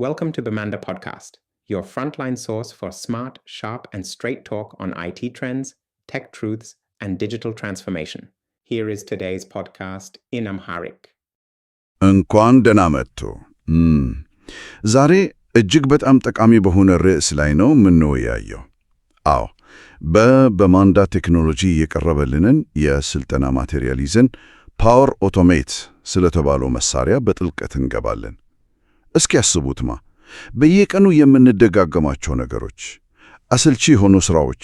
Welcome to Bamanda Podcast, your frontline source for smart, sharp, and straight talk on IT trends, tech truths, and digital transformation. Here is today's podcast in Amharic. እንኳን ደህና መጡ። ዛሬ እጅግ በጣም ጠቃሚ በሆነ ርዕስ ላይ ነው የምንወያየው። አዎ በበማንዳ ቴክኖሎጂ የቀረበልንን የስልጠና ማቴሪያል ይዘን ፓወር ኦቶሜት ስለተባለው መሳሪያ በጥልቀት እንገባለን። እስኪ ያስቡትማ በየቀኑ የምንደጋገማቸው ነገሮች፣ አሰልቺ የሆኑ ሥራዎች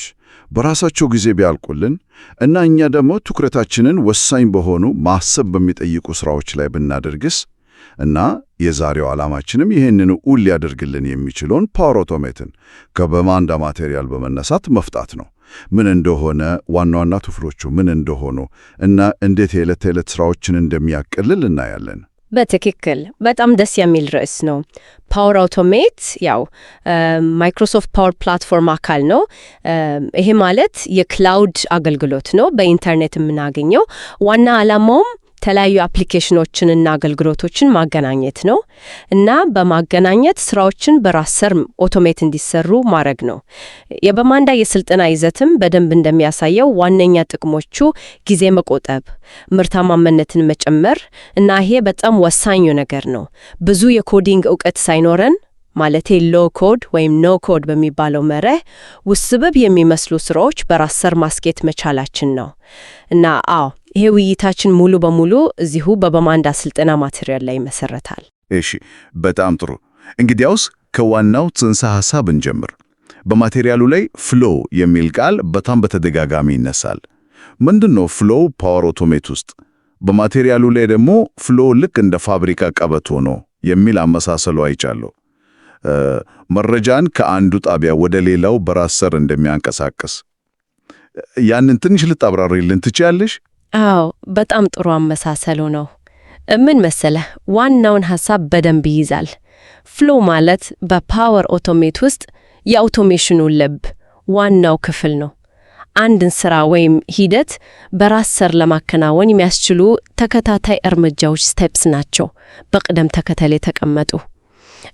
በራሳቸው ጊዜ ቢያልቁልን እና እኛ ደግሞ ትኩረታችንን ወሳኝ በሆኑ ማሰብ በሚጠይቁ ሥራዎች ላይ ብናደርግስ? እና የዛሬው ዓላማችንም ይህንን ውል ሊያደርግልን የሚችለውን ፓወር ኦቶሜትን ከበማንዳ ማቴሪያል በመነሳት መፍጣት ነው። ምን እንደሆነ ዋና ዋና ክፍሎቹ ምን እንደሆኑ እና እንዴት የዕለት ተዕለት ሥራዎችን እንደሚያቀልል እናያለን። በትክክል በጣም ደስ የሚል ርዕስ ነው። ፓወር አውቶሜት ያው ማይክሮሶፍት ፓወር ፕላትፎርም አካል ነው። ይሄ ማለት የክላውድ አገልግሎት ነው፣ በኢንተርኔት የምናገኘው ዋና አላማውም። የተለያዩ አፕሊኬሽኖችንና አገልግሎቶችን ማገናኘት ነው እና በማገናኘት ስራዎችን በራስ ሰር ኦቶሜት እንዲሰሩ ማድረግ ነው። የበማንዳ የስልጠና ይዘትም በደንብ እንደሚያሳየው ዋነኛ ጥቅሞቹ ጊዜ መቆጠብ፣ ምርታማነትን መጨመር እና ይሄ በጣም ወሳኙ ነገር ነው። ብዙ የኮዲንግ እውቀት ሳይኖረን ማለቴ ሎ ኮድ ወይም ኖ ኮድ በሚባለው መርህ ውስብስብ የሚመስሉ ስራዎች በራስ ሰር ማስኬት መቻላችን ነው። እና አዎ ይሄ ውይይታችን ሙሉ በሙሉ እዚሁ በበማንዳ ስልጠና ማቴሪያል ላይ ይመሰረታል። እሺ፣ በጣም ጥሩ። እንግዲያውስ ከዋናው ጽንሰ ሐሳብ እንጀምር። በማቴሪያሉ ላይ ፍሎ የሚል ቃል በጣም በተደጋጋሚ ይነሳል። ምንድን ነው ፍሎው ፓወር ኦቶሜት ውስጥ? በማቴሪያሉ ላይ ደግሞ ፍሎ ልክ እንደ ፋብሪካ ቀበቶ ነው የሚል አመሳሰሉ አይቻለሁ። መረጃን ከአንዱ ጣቢያ ወደ ሌላው በራስ ሰር እንደሚያንቀሳቅስ ያንን ትንሽ ልታብራሪልን ትችያለሽ? አዎ፣ በጣም ጥሩ አመሳሰሉ ነው። ምን መሰለ፣ ዋናውን ሐሳብ በደንብ ይይዛል። ፍሎ ማለት በፓወር ኦቶሜት ውስጥ የአውቶሜሽኑ ልብ ዋናው ክፍል ነው። አንድን ስራ ወይም ሂደት በራስ ሰር ለማከናወን የሚያስችሉ ተከታታይ እርምጃዎች ስቴፕስ ናቸው፣ በቅደም ተከተል የተቀመጡ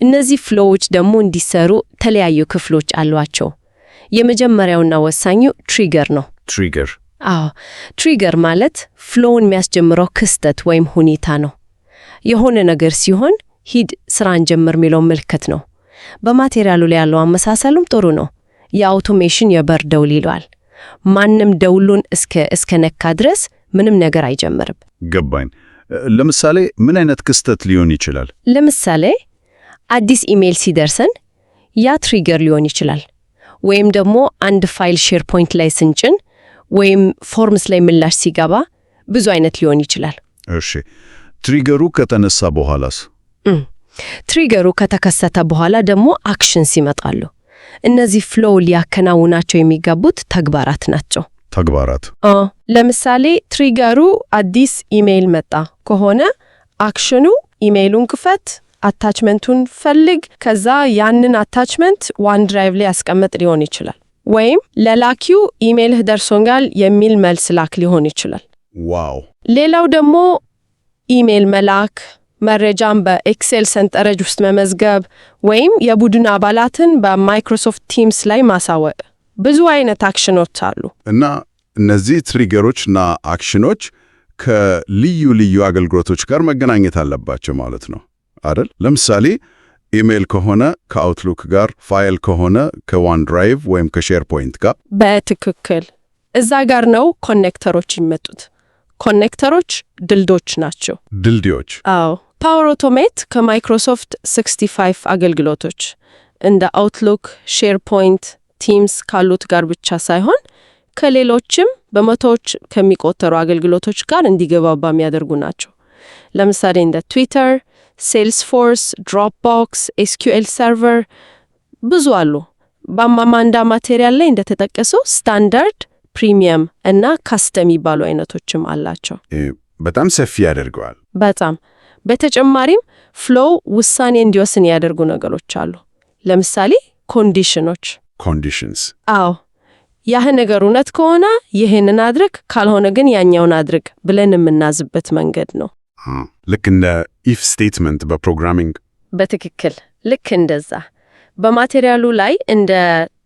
እነዚህ ፍሎዎች ደግሞ እንዲሰሩ ተለያዩ ክፍሎች አሏቸው። የመጀመሪያውና ወሳኙ ትሪገር ነው። ትሪገር አዎ፣ ትሪገር ማለት ፍሎውን የሚያስጀምረው ክስተት ወይም ሁኔታ ነው። የሆነ ነገር ሲሆን ሂድ ስራን ጀምር የሚለው ምልክት ነው። በማቴሪያሉ ላይ ያለው አመሳሰሉም ጥሩ ነው። የአውቶሜሽን የበር ደውል ይሏል። ማንም ደውሉን እስከ እስከ ነካ ድረስ ምንም ነገር አይጀምርም። ገባኝ። ለምሳሌ ምን አይነት ክስተት ሊሆን ይችላል? ለምሳሌ አዲስ ኢሜይል ሲደርሰን ያ ትሪገር ሊሆን ይችላል። ወይም ደግሞ አንድ ፋይል ሼርፖይንት ላይ ስንጭን ወይም ፎርምስ ላይ ምላሽ ሲገባ ብዙ አይነት ሊሆን ይችላል። እሺ ትሪገሩ ከተነሳ በኋላስ? ትሪገሩ ከተከሰተ በኋላ ደግሞ አክሽንስ ይመጣሉ። እነዚህ ፍሎው ሊያከናውናቸው የሚገቡት ተግባራት ናቸው። ተግባራት ለምሳሌ ትሪገሩ አዲስ ኢሜይል መጣ ከሆነ አክሽኑ ኢሜይሉን ክፈት አታችመንቱን ፈልግ፣ ከዛ ያንን አታችመንት ዋን ድራይቭ ላይ ያስቀመጥ ሊሆን ይችላል። ወይም ለላኪው ኢሜይልህ ደርሶኛል የሚል መልስ ላክ ሊሆን ይችላል። ዋው! ሌላው ደግሞ ኢሜይል መላክ፣ መረጃን በኤክሴል ሰንጠረዥ ውስጥ መመዝገብ ወይም የቡድን አባላትን በማይክሮሶፍት ቲምስ ላይ ማሳወቅ፣ ብዙ አይነት አክሽኖች አሉ እና እነዚህ ትሪገሮችና አክሽኖች ከልዩ ልዩ አገልግሎቶች ጋር መገናኘት አለባቸው ማለት ነው። አይደል? ለምሳሌ ኢሜይል ከሆነ ከአውትሉክ ጋር፣ ፋይል ከሆነ ከዋን ድራይቭ ወይም ከሼር ፖይንት ጋር። በትክክል እዛ ጋር ነው ኮኔክተሮች ይመጡት። ኮኔክተሮች ድልዶች ናቸው። ድልድዮች። አዎ። ፓወር ኦቶሜት ከማይክሮሶፍት 65 አገልግሎቶች እንደ አውትሉክ፣ ሼር ፖይንት፣ ቲምስ ካሉት ጋር ብቻ ሳይሆን ከሌሎችም በመቶዎች ከሚቆጠሩ አገልግሎቶች ጋር እንዲገባባ የሚያደርጉ ናቸው። ለምሳሌ እንደ ትዊተር ሴልስፎርስ፣ ድሮፕቦክስ፣ ኤስኪዩኤል ሰርቨር ብዙ አሉ። በማማንዳ ማቴሪያል ላይ እንደተጠቀሰው ስታንዳርድ፣ ፕሪሚየም እና ካስተም የሚባሉ አይነቶችም አላቸው። በጣም ሰፊ ያደርገዋል። በጣም በተጨማሪም ፍሎው ውሳኔ እንዲወስን ያደርጉ ነገሮች አሉ። ለምሳሌ ኮንዲሽኖች ኮንዲሽንስ። አዎ ያህ ነገር እውነት ከሆነ ይህንን አድርግ፣ ካልሆነ ግን ያኛውን አድርግ ብለን የምናዝበት መንገድ ነው። ልክ እንደ ኢፍ ስቴትመንት በፕሮግራሚንግ በትክክል ልክ እንደዛ በማቴሪያሉ ላይ እንደ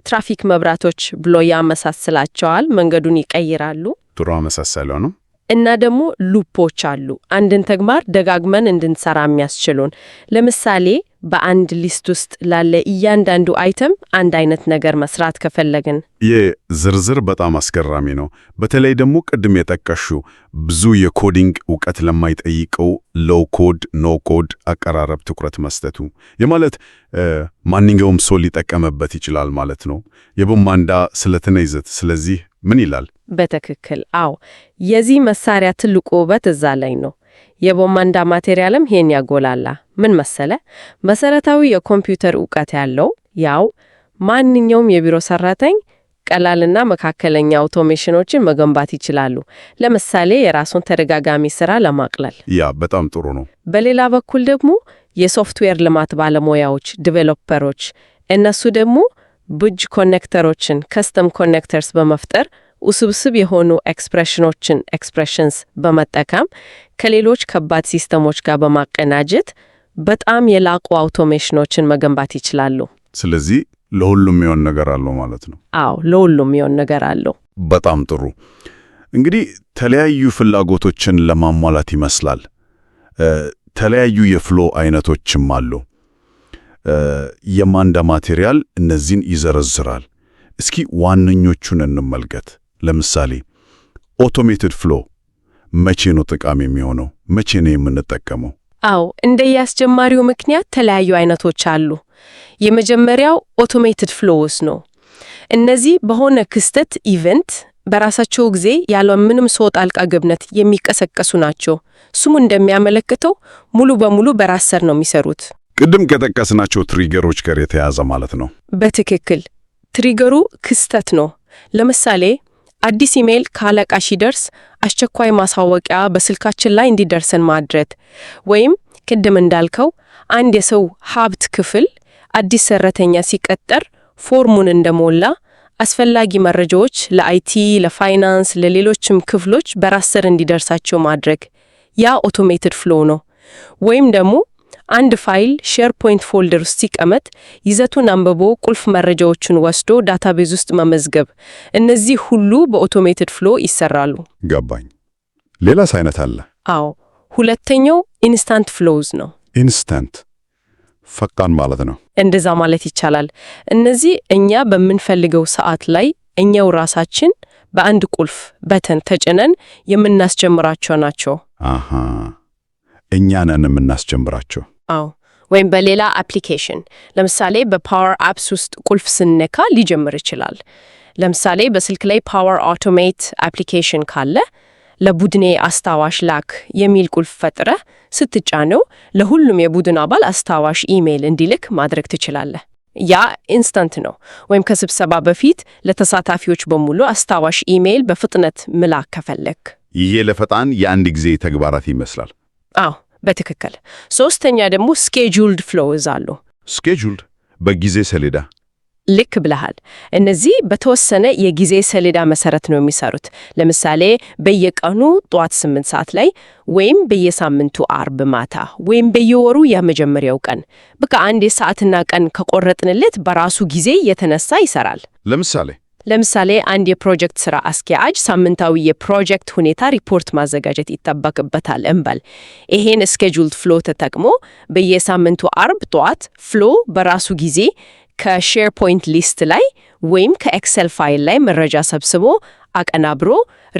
ትራፊክ መብራቶች ብሎ ያመሳስላቸዋል። መንገዱን ይቀይራሉ። ጥሩ አመሳሰለው ነው። እና ደግሞ ሉፖች አሉ፣ አንድን ተግባር ደጋግመን እንድንሰራ የሚያስችሉን። ለምሳሌ በአንድ ሊስት ውስጥ ላለ እያንዳንዱ አይተም አንድ አይነት ነገር መስራት ከፈለግን። ይህ ዝርዝር በጣም አስገራሚ ነው። በተለይ ደግሞ ቅድም የጠቀሹ ብዙ የኮዲንግ እውቀት ለማይጠይቀው ሎው ኮድ ኖ ኮድ አቀራረብ ትኩረት መስጠቱ የማለት ማንኛውም ሰው ሊጠቀምበት ይችላል ማለት ነው። የቦማንዳ ስለትነ ይዘት ስለዚህ ምን ይላል? በትክክል አዎ፣ የዚህ መሳሪያ ትልቁ ውበት እዛ ላይ ነው። የቦማንዳ ማቴሪያልም ይሄን ያጎላላ። ምን መሰለ፣ መሰረታዊ የኮምፒውተር እውቀት ያለው ያው ማንኛውም የቢሮ ሰራተኝ ቀላልና መካከለኛ አውቶሜሽኖችን መገንባት ይችላሉ። ለምሳሌ የራሱን ተደጋጋሚ ስራ ለማቅለል። ያ በጣም ጥሩ ነው። በሌላ በኩል ደግሞ የሶፍትዌር ልማት ባለሙያዎች ዲቨሎፐሮች፣ እነሱ ደግሞ ብጅ ኮኔክተሮችን ከስተም ኮኔክተርስ በመፍጠር ውስብስብ የሆኑ ኤክስፕሬሽኖችን ኤክስፕሬሽንስ በመጠቀም ከሌሎች ከባድ ሲስተሞች ጋር በማቀናጀት በጣም የላቁ አውቶሜሽኖችን መገንባት ይችላሉ። ስለዚህ ለሁሉም የሚሆን ነገር አለው ማለት ነው። አዎ ለሁሉም የሚሆን ነገር አለው። በጣም ጥሩ። እንግዲህ ተለያዩ ፍላጎቶችን ለማሟላት ይመስላል። ተለያዩ የፍሎ አይነቶችም አሉ። የማንዳ ማቴሪያል እነዚህን ይዘረዝራል። እስኪ ዋነኞቹን እንመልከት። ለምሳሌ ኦቶሜትድ ፍሎ መቼ ነው ጠቃሚ የሚሆነው? መቼ ነው የምንጠቀመው? አዎ እንደየአስጀማሪው ምክንያት ተለያዩ አይነቶች አሉ። የመጀመሪያው ኦቶሜትድ ፍሎውስ ነው። እነዚህ በሆነ ክስተት ኢቨንት በራሳቸው ጊዜ ያለ ምንም ሰው ጣልቃ ገብነት የሚቀሰቀሱ ናቸው። ስሙ እንደሚያመለክተው ሙሉ በሙሉ በራስ ሰር ነው የሚሰሩት። ቅድም ከጠቀስናቸው ትሪገሮች ጋር የተያዘ ማለት ነው። በትክክል ትሪገሩ ክስተት ነው። ለምሳሌ አዲስ ኢሜይል ከአለቃ ሲደርስ አስቸኳይ ማሳወቂያ በስልካችን ላይ እንዲደርሰን ማድረግ ወይም ቅድም እንዳልከው አንድ የሰው ሀብት ክፍል አዲስ ሰራተኛ ሲቀጠር ፎርሙን እንደሞላ አስፈላጊ መረጃዎች ለአይቲ፣ ለፋይናንስ፣ ለሌሎችም ክፍሎች በራስ ሰር እንዲደርሳቸው ማድረግ ያ ኦቶሜትድ ፍሎ ነው ወይም ደግሞ አንድ ፋይል ሼርፖይንት ፎልደር ውስጥ ሲቀመጥ ይዘቱን አንብቦ ቁልፍ መረጃዎችን ወስዶ ዳታቤዝ ውስጥ መመዝገብ፣ እነዚህ ሁሉ በኦቶሜትድ ፍሎ ይሰራሉ። ገባኝ። ሌላስ አይነት አለ? አዎ፣ ሁለተኛው ኢንስታንት ፍሎውዝ ነው። ኢንስታንት ፈጣን ማለት ነው። እንደዛ ማለት ይቻላል። እነዚህ እኛ በምንፈልገው ሰዓት ላይ እኛው ራሳችን በአንድ ቁልፍ በተን ተጭነን የምናስጀምራቸው ናቸው። አሃ እኛ ነን የምናስጀምራቸው። አዎ ወይም በሌላ አፕሊኬሽን ለምሳሌ በፓወር አፕስ ውስጥ ቁልፍ ስንነካ ሊጀምር ይችላል። ለምሳሌ በስልክ ላይ ፓወር አውቶሜት አፕሊኬሽን ካለ ለቡድኔ አስታዋሽ ላክ የሚል ቁልፍ ፈጥረ ስትጫነው ለሁሉም የቡድን አባል አስታዋሽ ኢሜይል እንዲልክ ማድረግ ትችላለህ። ያ ኢንስታንት ነው። ወይም ከስብሰባ በፊት ለተሳታፊዎች በሙሉ አስታዋሽ ኢሜይል በፍጥነት ምላክ ከፈለግ። ይሄ ለፈጣን የአንድ ጊዜ ተግባራት ይመስላል። አዎ በትክክል ሶስተኛ ደግሞ ስኬጁልድ ፍሎውዝ አሉ። ስኬጁልድ በጊዜ ሰሌዳ ልክ ብለሃል። እነዚህ በተወሰነ የጊዜ ሰሌዳ መሰረት ነው የሚሰሩት። ለምሳሌ በየቀኑ ጠዋት ስምንት ሰዓት ላይ ወይም በየሳምንቱ አርብ ማታ ወይም በየወሩ የመጀመሪያው ቀን በቃ አንድ የሰዓትና ቀን ከቆረጥንለት በራሱ ጊዜ የተነሳ ይሰራል። ለምሳሌ ለምሳሌ አንድ የፕሮጀክት ስራ አስኪያጅ ሳምንታዊ የፕሮጀክት ሁኔታ ሪፖርት ማዘጋጀት ይጠበቅበታል እንበል። ይሄን ስኬጁልድ ፍሎ ተጠቅሞ በየሳምንቱ አርብ ጠዋት ፍሎ በራሱ ጊዜ ከሼርፖይንት ሊስት ላይ ወይም ከኤክሰል ፋይል ላይ መረጃ ሰብስቦ አቀናብሮ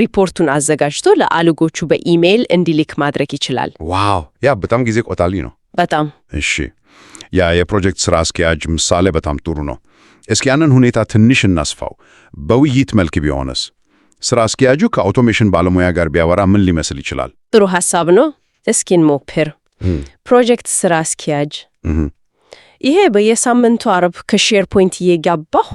ሪፖርቱን አዘጋጅቶ ለአልጎቹ በኢሜይል እንዲልክ ማድረግ ይችላል። ዋው! ያ በጣም ጊዜ ቆጣቢ ነው። በጣም እሺ። ያ የፕሮጀክት ስራ አስኪያጅ ምሳሌ በጣም ጥሩ ነው። እስኪ ያንን ሁኔታ ትንሽ እናስፋው። በውይይት መልክ ቢሆንስ? ስራ አስኪያጁ ከአውቶሜሽን ባለሙያ ጋር ቢያወራ ምን ሊመስል ይችላል? ጥሩ ሐሳብ ነው። እስኪ እንሞክር። ፕሮጀክት ስራ አስኪያጅ ይሄ በየሳምንቱ አርብ ከሼር ፖይንት እየጋባሁ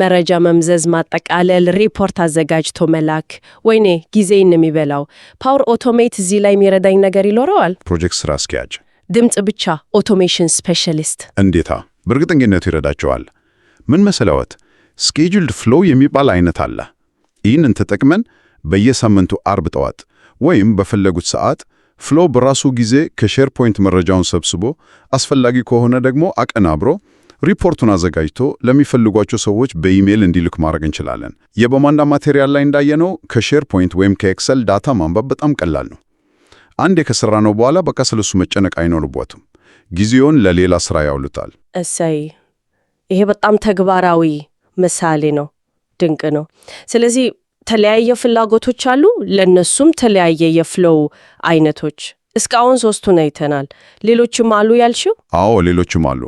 መረጃ መምዘዝ፣ ማጠቃለል፣ ሪፖርት አዘጋጅቶ መላክ ወይኔ ጊዜን የሚበላው ፓወር ኦቶሜት እዚህ ላይ የሚረዳኝ ነገር ይኖረዋል። ፕሮጀክት ስራ አስኪያጅ ድምፅ ብቻ ኦቶሜሽን ስፔሻሊስት እንዴታ! በእርግጠኝነቱ ይረዳቸዋል። ምን መሰለዎት? ስኬጁልድ ፍሎ የሚባል አይነት አለ። ይህንን ተጠቅመን በየሳምንቱ አርብ ጠዋት ወይም በፈለጉት ሰዓት ፍሎ በራሱ ጊዜ ከሼርፖይንት መረጃውን ሰብስቦ አስፈላጊ ከሆነ ደግሞ አቀናብሮ ሪፖርቱን አዘጋጅቶ ለሚፈልጓቸው ሰዎች በኢሜይል እንዲልክ ማድረግ እንችላለን። የበማንዳ ማቴሪያል ላይ እንዳየነው ከሼርፖይንት ወይም ከኤክሰል ዳታ ማንበብ በጣም ቀላል ነው። አንድ ከሰራ ነው በኋላ በቃ ስለሱ መጨነቅ አይኖርቦትም። ጊዜውን ለሌላ ስራ ያውሉታል። እሰይ ይሄ በጣም ተግባራዊ ምሳሌ ነው። ድንቅ ነው። ስለዚህ ተለያየ ፍላጎቶች አሉ፣ ለእነሱም ተለያየ የፍለው አይነቶች። እስካሁን ሶስቱን አይተናል። ሌሎችም አሉ ያልሽው? አዎ ሌሎችም አሉ።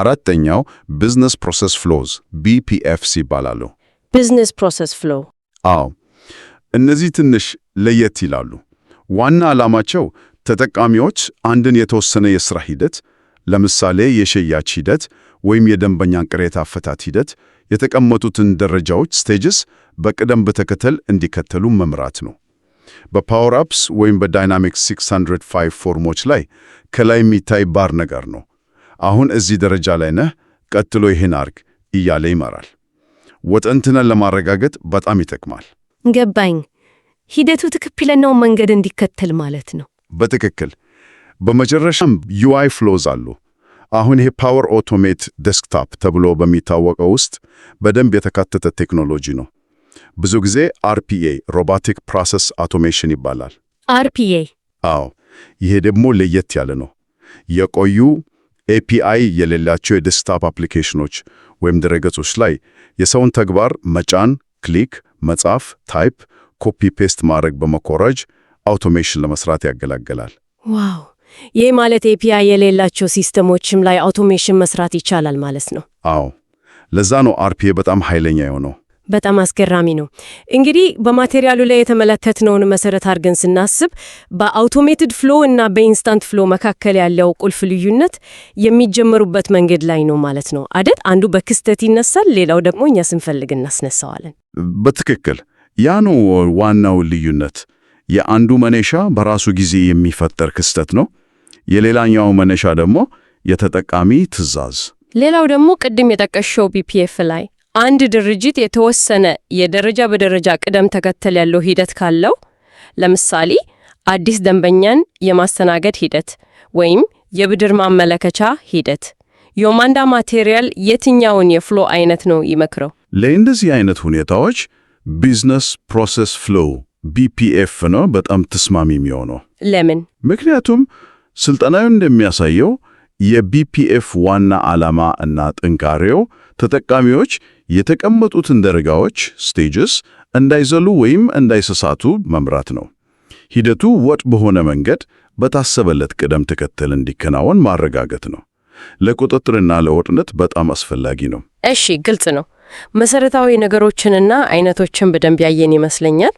አራተኛው ቢዝነስ ፕሮሰስ ፍሎዝ ቢፒኤፍስ ይባላሉ። ቢዝነስ ፕሮሰስ ፍሎ አዎ እነዚህ ትንሽ ለየት ይላሉ። ዋና ዓላማቸው ተጠቃሚዎች አንድን የተወሰነ የሥራ ሂደት ለምሳሌ የሽያጭ ሂደት ወይም የደንበኛን ቅሬታ አፈታት ሂደት የተቀመጡትን ደረጃዎች ስቴጅስ በቅደም በተከተል እንዲከተሉ መምራት ነው። በፓወር አፕስ ወይም በዳይናሚክስ 605 ፎርሞች ላይ ከላይ የሚታይ ባር ነገር ነው። አሁን እዚህ ደረጃ ላይ ነህ፣ ቀጥሎ ይህን አርግ እያለ ይመራል። ወጠንትነን ለማረጋገጥ በጣም ይጠቅማል። ገባኝ። ሂደቱ ትክክለኛውን መንገድ እንዲከተል ማለት ነው። በትክክል በመጨረሻም ዩአይ ፍሎዝ አሉ። አሁን ይሄ ፓወር ኦቶሜት ዴስክታፕ ተብሎ በሚታወቀው ውስጥ በደንብ የተካተተ ቴክኖሎጂ ነው። ብዙ ጊዜ አርፒኤ ሮቦቲክ ፕሮሰስ አውቶሜሽን ይባላል። አርፒኤ አዎ፣ ይሄ ደግሞ ለየት ያለ ነው። የቆዩ ኤፒአይ የሌላቸው የዴስክታፕ አፕሊኬሽኖች ወይም ድረገጾች ላይ የሰውን ተግባር መጫን፣ ክሊክ፣ መጻፍ፣ ታይፕ፣ ኮፒ ፔስት ማድረግ በመኮረጅ አውቶሜሽን ለመስራት ያገለግላል። ዋው ይህ ማለት ኤፒአይ የሌላቸው ሲስተሞችም ላይ አውቶሜሽን መስራት ይቻላል ማለት ነው። አዎ ለዛ ነው አርፒኤ በጣም ኃይለኛ የሆነው። በጣም አስገራሚ ነው። እንግዲህ በማቴሪያሉ ላይ የተመለከትነውን መሰረት አድርገን ስናስብ በአውቶሜትድ ፍሎ እና በኢንስታንት ፍሎ መካከል ያለው ቁልፍ ልዩነት የሚጀመሩበት መንገድ ላይ ነው ማለት ነው አደት አንዱ በክስተት ይነሳል፣ ሌላው ደግሞ እኛ ስንፈልግ እናስነሳዋለን። በትክክል ያ ነው ዋናው ልዩነት። የአንዱ መነሻ በራሱ ጊዜ የሚፈጠር ክስተት ነው፣ የሌላኛው መነሻ ደግሞ የተጠቃሚ ትዕዛዝ። ሌላው ደግሞ ቅድም የጠቀሸው ቢፒኤፍ ላይ አንድ ድርጅት የተወሰነ የደረጃ በደረጃ ቅደም ተከተል ያለው ሂደት ካለው ለምሳሌ አዲስ ደንበኛን የማስተናገድ ሂደት ወይም የብድር ማመለከቻ ሂደት የማንዳ ማቴሪያል የትኛውን የፍሎ አይነት ነው ይመክረው? ለእንደዚህ አይነት ሁኔታዎች ቢዝነስ ፕሮሰስ ፍሎው ቢፒኤፍ ነው በጣም ተስማሚ የሚሆነው። ለምን? ምክንያቱም ስልጠናዊ እንደሚያሳየው የቢፒኤፍ ዋና ዓላማ እና ጥንካሬው ተጠቃሚዎች የተቀመጡትን ደረጃዎች ስቴጅስ እንዳይዘሉ ወይም እንዳይሰሳቱ መምራት ነው። ሂደቱ ወጥ በሆነ መንገድ በታሰበለት ቅደም ተከተል እንዲከናወን ማረጋገጥ ነው። ለቁጥጥርና ለወጥነት በጣም አስፈላጊ ነው። እሺ፣ ግልጽ ነው። መሰረታዊ ነገሮችንና አይነቶችን በደንብ ያየን ይመስለኛል።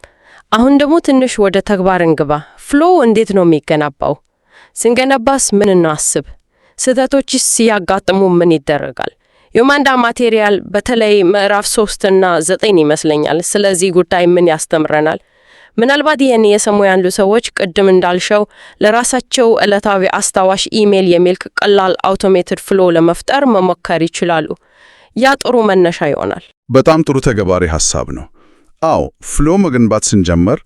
አሁን ደግሞ ትንሽ ወደ ተግባር እንግባ። ፍሎው እንዴት ነው የሚገነባው? ስንገነባስ ምን እናስብ? ስህተቶችስ ሲያጋጥሙ ምን ይደረጋል? የማንዳ ማቴሪያል በተለይ ምዕራፍ ሶስትና ዘጠኝ ይመስለኛል ስለዚህ ጉዳይ ምን ያስተምረናል? ምናልባት ይህን የሰሙ ያሉ ሰዎች ቅድም እንዳልሸው ለራሳቸው ዕለታዊ አስታዋሽ ኢሜይል የሚልክ ቀላል አውቶሜትድ ፍሎ ለመፍጠር መሞከር ይችላሉ። ያ ጥሩ መነሻ ይሆናል። በጣም ጥሩ ተገባሪ ሐሳብ ነው። አዎ ፍሎ መገንባት ስንጀምር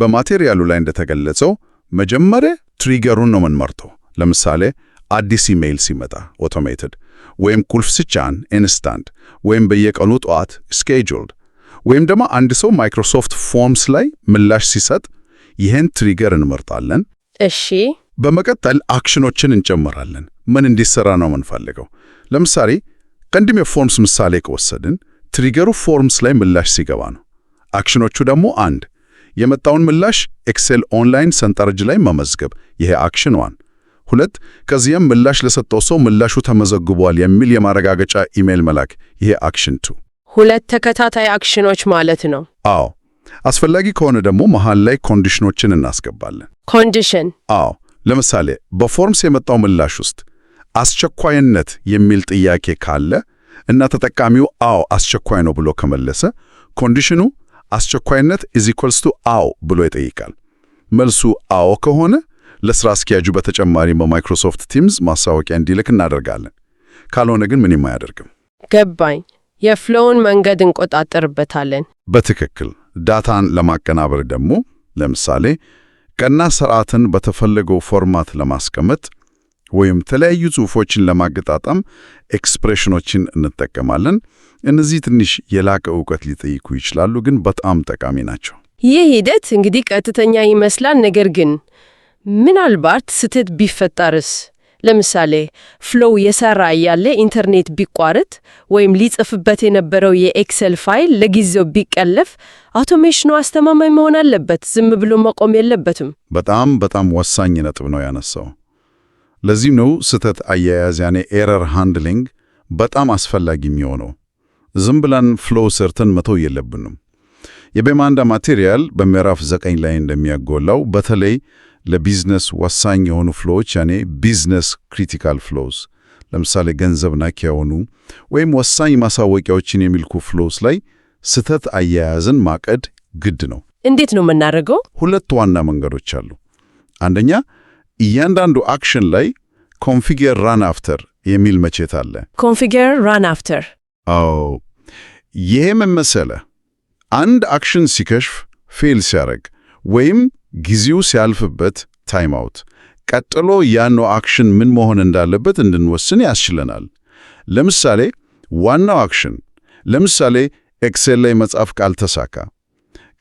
በማቴሪያሉ ላይ እንደተገለጸው መጀመሪያ ትሪገሩን ነው የምንመርጠው። ለምሳሌ አዲስ ኢሜይል ሲመጣ ኦቶሜትድ፣ ወይም ቁልፍ ስጫን ኢንስታንት፣ ወይም በየቀኑ ጠዋት ስኬጁልድ፣ ወይም ደግሞ አንድ ሰው ማይክሮሶፍት ፎርምስ ላይ ምላሽ ሲሰጥ ይህን ትሪገር እንመርጣለን። እሺ፣ በመቀጠል አክሽኖችን እንጨምራለን። ምን እንዲሰራ ነው የምንፈልገው? ለምሳሌ ቀንድም የፎርምስ ምሳሌ ከወሰድን ትሪገሩ ፎርምስ ላይ ምላሽ ሲገባ ነው። አክሽኖቹ ደግሞ አንድ የመጣውን ምላሽ ኤክሴል ኦንላይን ሰንጠረዥ ላይ መመዝገብ፣ ይሄ አክሽን ዋን። ሁለት ከዚያም ምላሽ ለሰጠው ሰው ምላሹ ተመዘግቧል የሚል የማረጋገጫ ኢሜይል መላክ፣ ይሄ አክሽን ቱ። ሁለት ተከታታይ አክሽኖች ማለት ነው። አዎ። አስፈላጊ ከሆነ ደግሞ መሃል ላይ ኮንዲሽኖችን እናስገባለን። ኮንዲሽን አዎ። ለምሳሌ በፎርምስ የመጣው ምላሽ ውስጥ አስቸኳይነት የሚል ጥያቄ ካለ እና ተጠቃሚው አዎ አስቸኳይ ነው ብሎ ከመለሰ ኮንዲሽኑ አስቸኳይነት ኢዝ ኢኳልስ ቱ አዎ ብሎ ይጠይቃል። መልሱ አዎ ከሆነ ለስራ አስኪያጁ በተጨማሪም በማይክሮሶፍት ቲምስ ማሳወቂያ እንዲልክ እናደርጋለን። ካልሆነ ግን ምንም አያደርግም። ገባኝ። የፍሎውን መንገድ እንቆጣጠርበታለን። በትክክል ዳታን ለማቀናበር ደግሞ ለምሳሌ ቀና ስርዓትን በተፈለገው ፎርማት ለማስቀመጥ ወይም የተለያዩ ጽሑፎችን ለማገጣጠም ኤክስፕሬሽኖችን እንጠቀማለን። እነዚህ ትንሽ የላቀ እውቀት ሊጠይቁ ይችላሉ፣ ግን በጣም ጠቃሚ ናቸው። ይህ ሂደት እንግዲህ ቀጥተኛ ይመስላል። ነገር ግን ምናልባት ስህተት ቢፈጠርስ? ለምሳሌ ፍሎው የሰራ እያለ ኢንተርኔት ቢቋረጥ ወይም ሊጽፍበት የነበረው የኤክሰል ፋይል ለጊዜው ቢቀለፍ፣ አውቶሜሽኑ አስተማማኝ መሆን አለበት። ዝም ብሎ መቆም የለበትም። በጣም በጣም ወሳኝ ነጥብ ነው ያነሳው። ለዚህም ነው ስህተት አያያዝ ያኔ ኤረር ሃንድሊንግ በጣም አስፈላጊ የሚሆነው። ዝም ብላን ፍሎው ሰርተን መተው የለብንም። የቤማንዳ ማቴሪያል በምዕራፍ ዘጠኝ ላይ እንደሚያጎላው በተለይ ለቢዝነስ ወሳኝ የሆኑ ፍሎዎች ያኔ ቢዝነስ ክሪቲካል ፍሎውስ ለምሳሌ ገንዘብ ነክ የሆኑ ወይም ወሳኝ ማሳወቂያዎችን የሚልኩ ፍሎውስ ላይ ስህተት አያያዝን ማቀድ ግድ ነው። እንዴት ነው የምናደርገው? ሁለት ዋና መንገዶች አሉ። አንደኛ እያንዳንዱ አክሽን ላይ ኮንፊገር ራን አፍተር የሚል መቼት አለ። ኮንፊገር ራን አፍተር አዎ ይህም መሰለ አንድ አክሽን ሲከሽፍ ፌል ሲያደርግ ወይም ጊዜው ሲያልፍበት ታይም አውት ቀጥሎ ያኖ አክሽን ምን መሆን እንዳለበት እንድንወስን ያስችለናል። ለምሳሌ ዋናው አክሽን ለምሳሌ ኤክሴል ላይ መጻፍ ካልተሳካ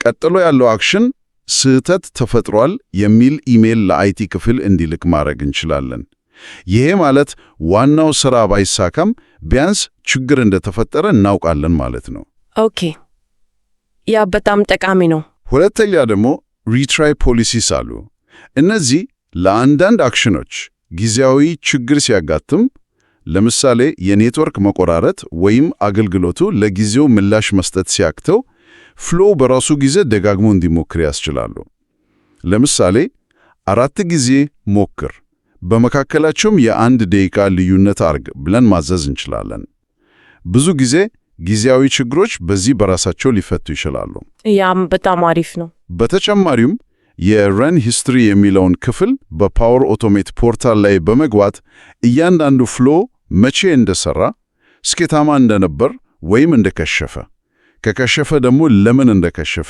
ቀጥሎ ያለው አክሽን ስህተት ተፈጥሯል የሚል ኢሜል ለአይቲ ክፍል እንዲልክ ማድረግ እንችላለን። ይሄ ማለት ዋናው ስራ ባይሳካም ቢያንስ ችግር እንደተፈጠረ እናውቃለን ማለት ነው። ኦኬ፣ ያ በጣም ጠቃሚ ነው። ሁለተኛ ደግሞ ሪትራይ ፖሊሲስ አሉ። እነዚህ ለአንዳንድ አክሽኖች ጊዜያዊ ችግር ሲያጋጥም፣ ለምሳሌ የኔትወርክ መቆራረጥ ወይም አገልግሎቱ ለጊዜው ምላሽ መስጠት ሲያክተው ፍሎ በራሱ ጊዜ ደጋግሞ እንዲሞክር ያስችላሉ። ለምሳሌ አራት ጊዜ ሞክር በመካከላቸውም የአንድ ደቂቃ ልዩነት አርግ ብለን ማዘዝ እንችላለን። ብዙ ጊዜ ጊዜያዊ ችግሮች በዚህ በራሳቸው ሊፈቱ ይችላሉ። ያም በጣም አሪፍ ነው። በተጨማሪም የረን ሂስትሪ የሚለውን ክፍል በፓወር ኦቶሜት ፖርታል ላይ በመግባት እያንዳንዱ ፍሎ መቼ እንደሰራ፣ ስኬታማ እንደነበር ወይም እንደከሸፈ፣ ከከሸፈ ደግሞ ለምን እንደከሸፈ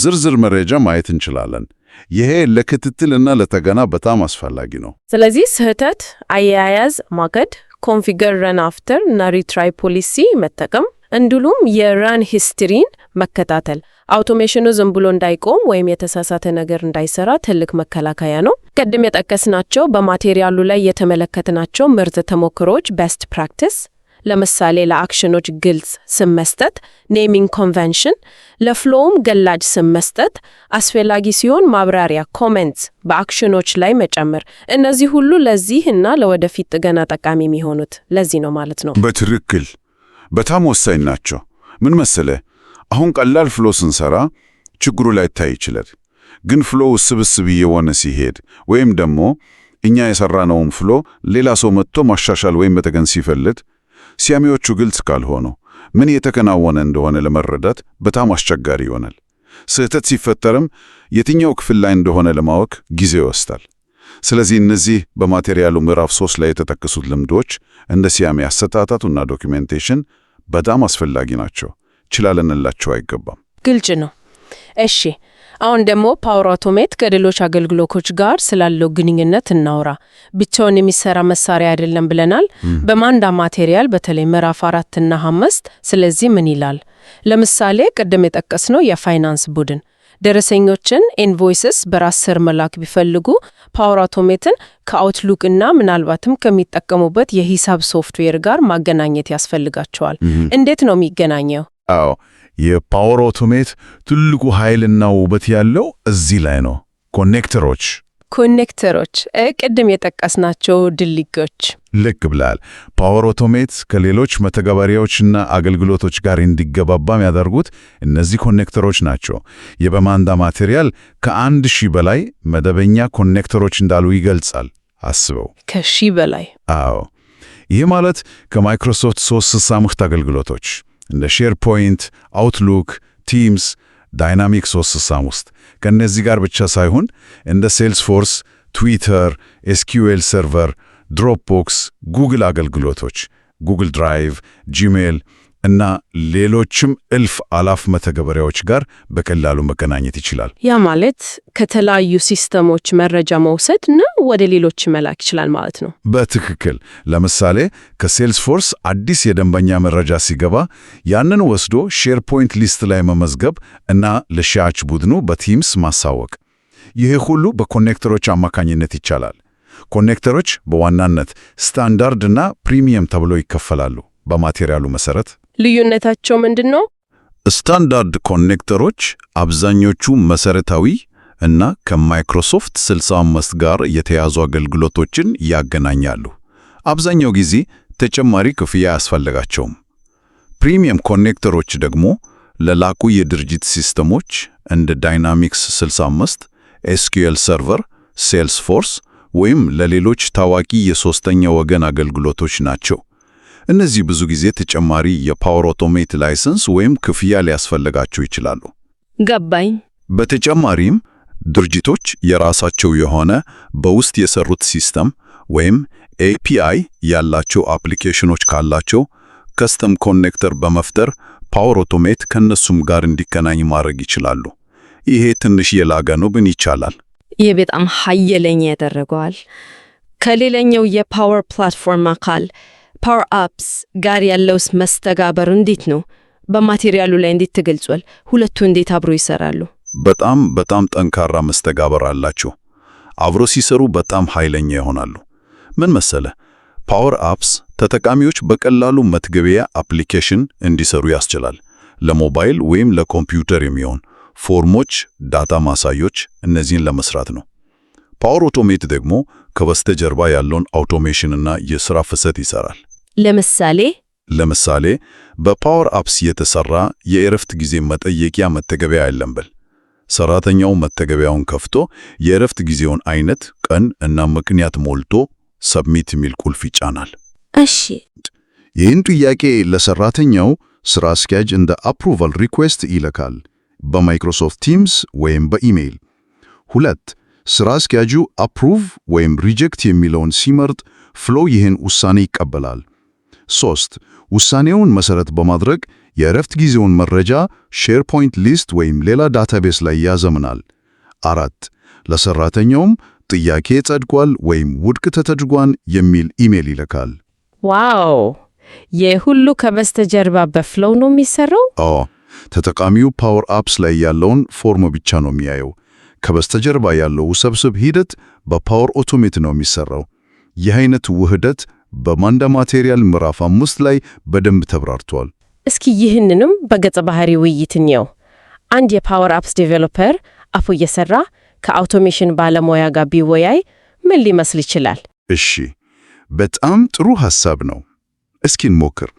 ዝርዝር መረጃ ማየት እንችላለን። ይሄ እና ለተገና በጣም አስፈላጊ ነው። ስለዚህ ስህተት አያያዝ ማቀድ፣ ኮንፊገር ረን አፍተር እና ሪትራይ ፖሊሲ መጠቀም እንዲሁም የራን ሂስትሪን መከታተል አውቶሜሽኑ ዝም ብሎ እንዳይቆም ወይም የተሳሳተ ነገር እንዳይሰራ ትልቅ መከላከያ ነው። ቅድም የጠቀስናቸው በማቴሪያሉ ላይ የተመለከትናቸው ምርጥ ተሞክሮች ቤስት ፕራክቲስ ለምሳሌ ለአክሽኖች ግልጽ ስም መስጠት ኔሚንግ ኮንቨንሽን፣ ለፍሎውም ገላጭ ስም መስጠት፣ አስፈላጊ ሲሆን ማብራሪያ ኮሜንትስ በአክሽኖች ላይ መጨመር። እነዚህ ሁሉ ለዚህ እና ለወደፊት ጥገና ጠቃሚ የሚሆኑት ለዚህ ነው ማለት ነው። በትክክል በጣም ወሳኝ ናቸው። ምን መሰለ፣ አሁን ቀላል ፍሎ ስንሰራ ችግሩ ላይታይ ይችላል። ግን ፍሎው ስብስብ እየሆነ ሲሄድ ወይም ደግሞ እኛ የሰራነውን ፍሎ ሌላ ሰው መጥቶ ማሻሻል ወይም መጠገን ሲፈልግ ሲያሚዎቹ ግልጽ ካልሆኑ ምን የተከናወነ እንደሆነ ለመረዳት በጣም አስቸጋሪ ይሆናል። ስህተት ሲፈጠርም የትኛው ክፍል ላይ እንደሆነ ለማወቅ ጊዜ ይወስዳል። ስለዚህ እነዚህ በማቴሪያሉ ምዕራፍ 3 ላይ የተጠቀሱት ልምዶች እንደ ሲያሚ አሰጣጣቱና ዶኪሜንቴሽን በጣም አስፈላጊ ናቸው። ችላለንላቸው አይገባም። ግልጽ ነው። እሺ አሁን ደግሞ ፓወር አውቶሜት ከሌሎች አገልግሎቶች ጋር ስላለው ግንኙነት እናውራ። ብቻውን የሚሰራ መሳሪያ አይደለም ብለናል። በማንዳ ማቴሪያል በተለይ ምዕራፍ አራትና አምስት ስለዚህ ምን ይላል? ለምሳሌ ቅድም የጠቀስነው የፋይናንስ ቡድን ደረሰኞችን ኢንቮይስስ በራስ ስር መላክ ቢፈልጉ ፓወር አውቶሜትን ከአውትሉክ እና ምናልባትም ከሚጠቀሙበት የሂሳብ ሶፍትዌር ጋር ማገናኘት ያስፈልጋቸዋል። እንዴት ነው የሚገናኘው? አዎ የፓወር ኦቶሜት ትልቁ ኃይልና ውበት ያለው እዚህ ላይ ነው። ኮኔክተሮች ኮኔክተሮች ቅድም የጠቀስናቸው ድልድዮች። ልክ ብላል። ፓወር ኦቶሜት ከሌሎች መተገበሪያዎችና አገልግሎቶች ጋር እንዲገባባ የሚያደርጉት እነዚህ ኮኔክተሮች ናቸው። የበማንዳ ማቴሪያል ከአንድ ሺህ በላይ መደበኛ ኮኔክተሮች እንዳሉ ይገልጻል። አስበው፣ ከሺህ በላይ አዎ። ይህ ማለት ከማይክሮሶፍት 365 አገልግሎቶች እንደ ሼርፖይንት፣ አውትሉክ፣ ቲምስ፣ ዳይናሚክ ሲስተም ከእነዚህ ጋር ብቻ ሳይሆን እንደ ሴልስፎርስ፣ ትዊተር፣ ኤስኪዩኤል ሰርቨር፣ ድሮፕቦክስ፣ ጉግል አገልግሎቶች፣ ጉግል ድራይቭ፣ ጂሜል እና ሌሎችም እልፍ አላፍ መተግበሪያዎች ጋር በቀላሉ መገናኘት ይችላል። ያ ማለት ከተለያዩ ሲስተሞች መረጃ መውሰድ እና ወደ ሌሎች መላክ ይችላል ማለት ነው። በትክክል ለምሳሌ ከሴልስፎርስ አዲስ የደንበኛ መረጃ ሲገባ ያንን ወስዶ ሼርፖይንት ሊስት ላይ መመዝገብ እና ለሽያጭ ቡድኑ በቲምስ ማሳወቅ፣ ይህ ሁሉ በኮኔክተሮች አማካኝነት ይቻላል። ኮኔክተሮች በዋናነት ስታንዳርድ እና ፕሪሚየም ተብሎ ይከፈላሉ በማቴሪያሉ መሰረት ልዩነታቸው ምንድን ነው? ስታንዳርድ ኮኔክተሮች አብዛኞቹ መሰረታዊ እና ከማይክሮሶፍት 65 ጋር የተያዙ አገልግሎቶችን ያገናኛሉ። አብዛኛው ጊዜ ተጨማሪ ክፍያ አያስፈልጋቸውም። ፕሪሚየም ኮኔክተሮች ደግሞ ለላቁ የድርጅት ሲስተሞች እንደ ዳይናሚክስ 65፣ ኤስኪዩኤል ሰርቨር፣ ሴልስፎርስ ወይም ለሌሎች ታዋቂ የሶስተኛ ወገን አገልግሎቶች ናቸው። እነዚህ ብዙ ጊዜ ተጨማሪ የፓወር ኦቶሜት ላይሰንስ ወይም ክፍያ ሊያስፈልጋቸው ይችላሉ። ገባኝ። በተጨማሪም ድርጅቶች የራሳቸው የሆነ በውስጥ የሰሩት ሲስተም ወይም ኤፒአይ ያላቸው አፕሊኬሽኖች ካላቸው ከስተም ኮኔክተር በመፍጠር ፓወር ኦቶሜት ከነሱም ጋር እንዲገናኝ ማድረግ ይችላሉ። ይሄ ትንሽ የላገ ነው፣ ግን ይቻላል። ይህ በጣም ኃይለኛ ያደረገዋል ከሌላኛው የፓወር ፕላትፎርም አካል ፓወር አፕስ ጋር ያለውስ መስተጋበር እንዴት ነው? በማቴሪያሉ ላይ እንዴት ትገልጿል ሁለቱ እንዴት አብሮ ይሰራሉ? በጣም በጣም ጠንካራ መስተጋበር አላቸው። አብሮ ሲሰሩ በጣም ኃይለኛ ይሆናሉ። ምን መሰለ፣ ፓወር አፕስ ተጠቃሚዎች በቀላሉ መትገቢያ አፕሊኬሽን እንዲሰሩ ያስችላል። ለሞባይል ወይም ለኮምፒውተር የሚሆን ፎርሞች፣ ዳታ ማሳዮች፣ እነዚህን ለመስራት ነው። ፓወር ኦቶሜት ደግሞ ከበስተጀርባ ያለውን አውቶሜሽንና የሥራ ፍሰት ይሰራል። ለምሳሌ ለምሳሌ በፓወር አፕስ የተሰራ የእረፍት ጊዜ መጠየቂያ መተገበያ የለም በል። ሰራተኛው መተገበያውን ከፍቶ የእረፍት ጊዜውን አይነት፣ ቀን እና ምክንያት ሞልቶ ሰብሚት የሚል ቁልፍ ይጫናል። እሺ፣ ይህን ጥያቄ ለሰራተኛው ስራ አስኪያጅ እንደ አፕሩቫል ሪኩዌስት ይልካል በማይክሮሶፍት ቲምስ ወይም በኢሜይል። ሁለት ስራ አስኪያጁ አፕሩቭ ወይም ሪጀክት የሚለውን ሲመርጥ ፍሎ ይህን ውሳኔ ይቀበላል። ሶስት ውሳኔውን መሰረት በማድረግ የእረፍት ጊዜውን መረጃ ሼርፖይንት ሊስት ወይም ሌላ ዳታቤስ ላይ ያዘምናል። አራት ለሰራተኛውም ጥያቄ ጸድቋል ወይም ውድቅ ተተድጓን የሚል ኢሜል ይልካል። ዋው! ይህ ሁሉ ከበስተጀርባ በፍሎው ነው የሚሰራው? አዎ፣ ተጠቃሚው ፓወር አፕስ ላይ ያለውን ፎርም ብቻ ነው የሚያየው። ከበስተጀርባ ያለው ውስብስብ ሂደት በፓወር ኦቶሜት ነው የሚሰራው። ይህ አይነት ውህደት በማንዳ ማቴሪያል ምዕራፍ አምስት ላይ በደንብ ተብራርቷል። እስኪ ይህንንም በገጸ ባህሪ ውይይት እንየው። አንድ የፓወር አፕስ ዴቨሎፐር አፉ እየሰራ ከአውቶሜሽን ባለሙያ ጋር ቢወያይ ምን ሊመስል ይችላል? እሺ፣ በጣም ጥሩ ሐሳብ ነው። እስኪ እንሞክር።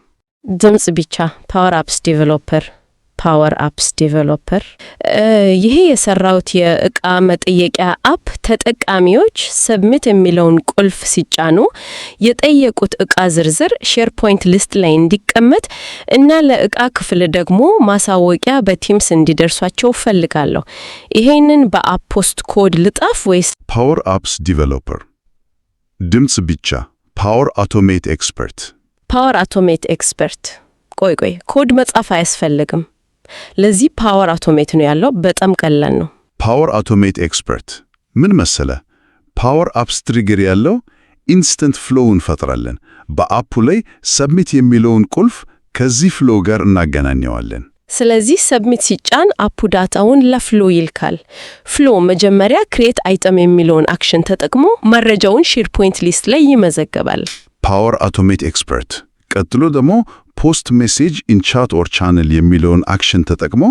ድምፅ ብቻ ፓወር አፕስ ዴቨሎፐር ፓወር አፕስ ዴቨሎፐር። ይሄ የሰራሁት የእቃ መጠየቂያ አፕ ተጠቃሚዎች ሰብሚት የሚለውን ቁልፍ ሲጫኑ የጠየቁት እቃ ዝርዝር ሼርፖይንት ሊስት ላይ እንዲቀመጥ እና ለእቃ ክፍል ደግሞ ማሳወቂያ በቲምስ እንዲደርሷቸው ፈልጋለሁ ይሄንን በአፖስት ኮድ ልጣፍ ወይስ ፓወር አፕስ ዲቨሎፐር? ድምፅ ብቻ። ፓወር አውቶሜት ኤክስፐርት ፓወር አቶሜት ኤክስፐርት። ቆይ ቆይ፣ ኮድ መጻፍ አያስፈልግም። ለዚህ ፓወር አውቶሜት ነው ያለው። በጣም ቀላል ነው። ፓወር አውቶሜት ኤክስፐርት ምን መሰለ፣ ፓወር አፕስ ትሪገር ያለው ኢንስተንት ፍሎው እንፈጥራለን። በአፑ ላይ ሰብሚት የሚለውን ቁልፍ ከዚህ ፍሎ ጋር እናገናኘዋለን። ስለዚህ ሰብሚት ሲጫን አፑ ዳታውን ለፍሎ ይልካል። ፍሎ መጀመሪያ ክሬት አይተም የሚለውን አክሽን ተጠቅሞ መረጃውን ሼርፖይንት ሊስት ላይ ይመዘገባል። ፓወር አውቶሜት ኤክስፐርት ቀጥሎ ደግሞ ፖስት ሜሴጅ ኢን ቻት ኦር ቻነል የሚለውን አክሽን ተጠቅሞ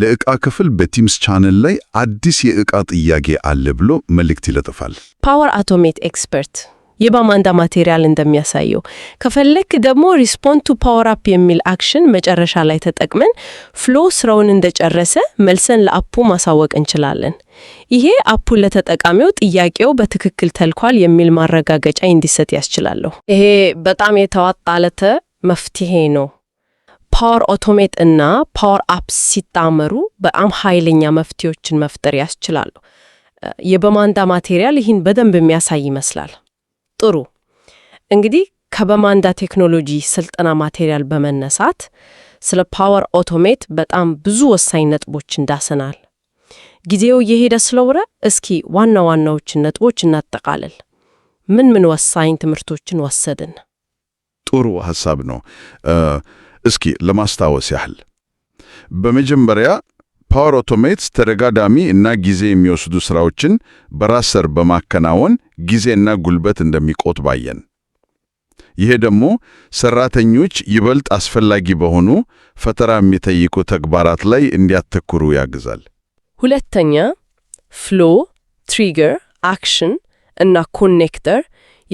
ለእቃ ክፍል በቲምስ ቻነል ላይ አዲስ የእቃ ጥያቄ አለ ብሎ መልእክት ይለጥፋል። ፓወር አውቶሜት ኤክስፐርት የባማንዳ ማቴሪያል እንደሚያሳየው ከፈለክ ደግሞ ሪስፖንድ ቱ ፓወር አፕ የሚል አክሽን መጨረሻ ላይ ተጠቅመን ፍሎ ስራውን እንደጨረሰ መልሰን ለአፑ ማሳወቅ እንችላለን። ይሄ አፑ ለተጠቃሚው ጥያቄው በትክክል ተልኳል የሚል ማረጋገጫ እንዲሰጥ ያስችላለሁ። ይሄ በጣም የተዋጣለተ መፍትሄ ነው። ፓወር ኦቶሜት እና ፓወር አፕስ ሲጣመሩ በጣም ኃይለኛ መፍትሄዎችን መፍጠር ያስችላሉ። የበማንዳ ማቴሪያል ይህን በደንብ የሚያሳይ ይመስላል። ጥሩ እንግዲህ ከበማንዳ ቴክኖሎጂ ስልጠና ማቴሪያል በመነሳት ስለ ፓወር ኦቶሜት በጣም ብዙ ወሳኝ ነጥቦች እንዳሰናል። ጊዜው የሄደ ስለሆነ እስኪ ዋና ዋናዎችን ነጥቦች እናጠቃልል። ምን ምን ወሳኝ ትምህርቶችን ወሰድን? ጥሩ ሐሳብ ነው። እስኪ ለማስታወስ ያህል በመጀመሪያ ፓወር ኦቶሜት ተደጋጋሚ እና ጊዜ የሚወስዱ ስራዎችን በራስ ሰር በማከናወን ጊዜና ጉልበት እንደሚቆጥ ባየን። ይሄ ደግሞ ሰራተኞች ይበልጥ አስፈላጊ በሆኑ ፈጠራ የሚጠይቁ ተግባራት ላይ እንዲያተኩሩ ያግዛል። ሁለተኛ ፍሎ፣ ትሪገር፣ አክሽን እና ኮኔክተር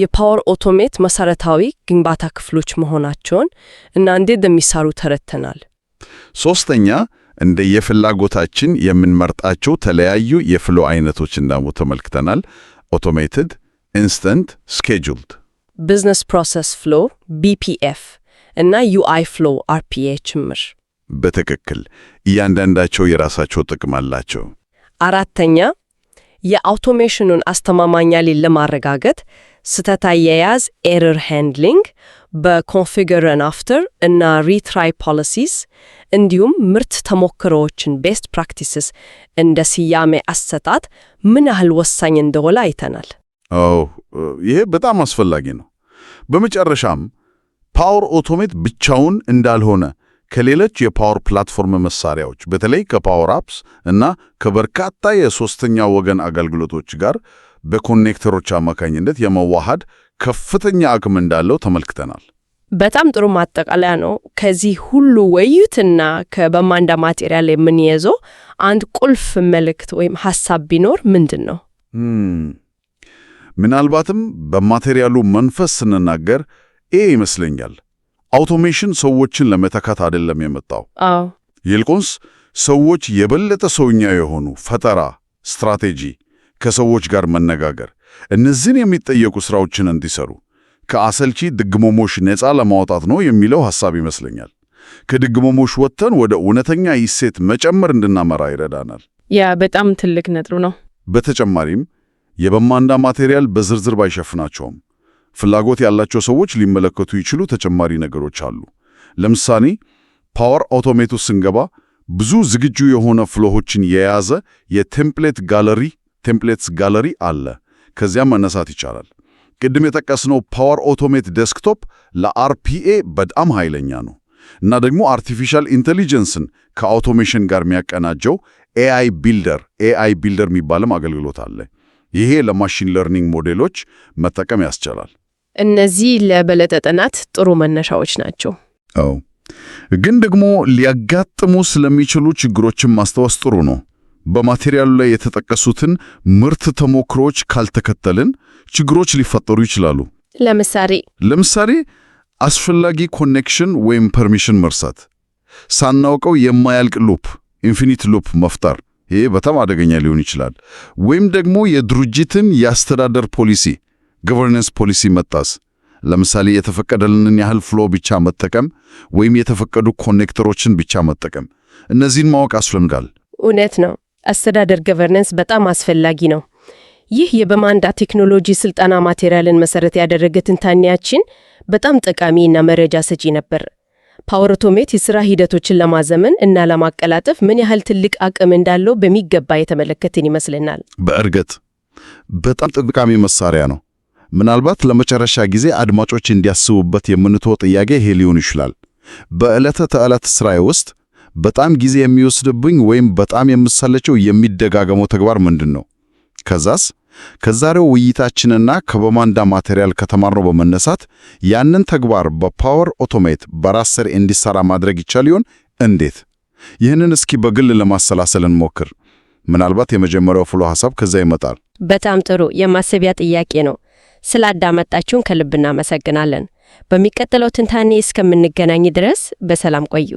የፓወር ኦቶሜት መሰረታዊ ግንባታ ክፍሎች መሆናቸውን እና እንዴት እንደሚሰሩ ተረድተናል። ሶስተኛ እንደ የፍላጎታችን የምንመርጣቸው ተለያዩ የፍሎ አይነቶች እንዳሙ ተመልክተናል። ኦቶሜትድ፣ ኢንስተንት፣ ስኬጁልድ፣ ቢዝነስ ፕሮሰስ ፍሎ ቢፒኤፍ እና ዩአይ ፍሎ አርፒኤ ጭምር። በትክክል እያንዳንዳቸው የራሳቸው ጥቅም አላቸው። አራተኛ የአውቶሜሽኑን አስተማማኝ ለማረጋገጥ ስህተት አያያዝ ኤረር ሃንድሊንግ በኮንፊግር ን አፍተር እና ሪትራይ ፖሊሲስ እንዲሁም ምርት ተሞክሮዎችን ቤስት ፕራክቲስስ እንደ ስያሜ አሰጣት ምን ያህል ወሳኝ እንደሆነ አይተናል። አዎ ይሄ በጣም አስፈላጊ ነው። በመጨረሻም ፓወር ኦቶሜት ብቻውን እንዳልሆነ ከሌሎች የፓወር ፕላትፎርም መሳሪያዎች በተለይ ከፓወር አፕስ እና ከበርካታ የሶስተኛ ወገን አገልግሎቶች ጋር በኮኔክተሮች አማካኝነት የመዋሃድ ከፍተኛ አቅም እንዳለው ተመልክተናል። በጣም ጥሩ ማጠቃለያ ነው። ከዚህ ሁሉ ውይይትና ከበማንዳ ማቴሪያል የምንይዘው አንድ ቁልፍ መልእክት ወይም ሀሳብ ቢኖር ምንድን ነው? ምናልባትም በማቴሪያሉ መንፈስ ስንናገር ይሄ ይመስለኛል። አውቶሜሽን ሰዎችን ለመተካት አይደለም የመጣው። አዎ፣ ይልቁንስ ሰዎች የበለጠ ሰውኛ የሆኑ ፈጠራ ስትራቴጂ ከሰዎች ጋር መነጋገር፣ እነዚህን የሚጠየቁ ስራዎችን እንዲሰሩ ከአሰልቺ ድግሞሞሽ ነፃ ለማውጣት ነው የሚለው ሐሳብ ይመስለኛል። ከድግሞሞሽ ወጥተን ወደ እውነተኛ እሴት መጨመር እንድናመራ ይረዳናል። ያ በጣም ትልቅ ነጥብ ነው። በተጨማሪም የበማንዳ ማቴሪያል በዝርዝር ባይሸፍናቸውም ፍላጎት ያላቸው ሰዎች ሊመለከቱ ይችሉ ተጨማሪ ነገሮች አሉ። ለምሳሌ ፓወር አውቶሜት ስንገባ ብዙ ዝግጁ የሆነ ፍሎሆችን የያዘ የቴምፕሌት ጋለሪ ቴምፕሌትስ ጋለሪ አለ። ከዚያም መነሳት ይቻላል። ቅድም የጠቀስነው ፓወር ኦቶሜት ዴስክቶፕ ለአርፒኤ በጣም ኃይለኛ ነው እና ደግሞ አርቲፊሻል ኢንቴሊጀንስን ከአውቶሜሽን ጋር የሚያቀናጀው ኤአይ ቢልደር ኤአይ ቢልደር የሚባልም አገልግሎት አለ። ይሄ ለማሽን ለርኒንግ ሞዴሎች መጠቀም ያስችላል። እነዚህ ለበለጠ ጥናት ጥሩ መነሻዎች ናቸው። አዎ፣ ግን ደግሞ ሊያጋጥሙ ስለሚችሉ ችግሮችን ማስታወስ ጥሩ ነው። በማቴሪያሉ ላይ የተጠቀሱትን ምርት ተሞክሮዎች ካልተከተልን ችግሮች ሊፈጠሩ ይችላሉ። ለምሳሌ ለምሳሌ አስፈላጊ ኮኔክሽን ወይም ፐርሚሽን መርሳት፣ ሳናውቀው የማያልቅ ሉፕ ኢንፊኒት ሉፕ መፍጠር፣ ይሄ በጣም አደገኛ ሊሆን ይችላል። ወይም ደግሞ የድርጅትን የአስተዳደር ፖሊሲ ገቨርነንስ ፖሊሲ መጣስ፣ ለምሳሌ የተፈቀደልንን ያህል ፍሎ ብቻ መጠቀም ወይም የተፈቀዱ ኮኔክተሮችን ብቻ መጠቀም፣ እነዚህን ማወቅ አስፈልጋል። እውነት ነው። አስተዳደር ገቨርነንስ በጣም አስፈላጊ ነው። ይህ የበማንዳ ቴክኖሎጂ ስልጠና ማቴሪያልን መሰረት ያደረገ ትንታኔያችን በጣም ጠቃሚ እና መረጃ ሰጪ ነበር። ፓወር አውቶሜት የሥራ ሂደቶችን ለማዘመን እና ለማቀላጠፍ ምን ያህል ትልቅ አቅም እንዳለው በሚገባ የተመለከትን ይመስልናል። በእርግጥ በጣም ጠቃሚ መሳሪያ ነው። ምናልባት ለመጨረሻ ጊዜ አድማጮች እንዲያስቡበት የምንትወ ጥያቄ ይሄ ሊሆን ይችላል። በዕለተ ተዕለት ስራዬ ውስጥ በጣም ጊዜ የሚወስድብኝ ወይም በጣም የምሰለቸው የሚደጋገመው ተግባር ምንድን ነው? ከዛስ ከዛሬው ውይይታችንና ከበማንዳ ማቴሪያል ከተማርነው በመነሳት ያንን ተግባር በፓወር ኦቶሜት በራስር እንዲሰራ ማድረግ ይቻል ይሆን? እንዴት? ይህንን እስኪ በግል ለማሰላሰል እንሞክር። ምናልባት የመጀመሪያው ፍሎ ሐሳብ ከዛ ይመጣል። በጣም ጥሩ የማሰቢያ ጥያቄ ነው። ስላዳመጣችሁን ከልብ እናመሰግናለን። በሚቀጥለው ትንታኔ እስከምንገናኝ ድረስ በሰላም ቆዩ።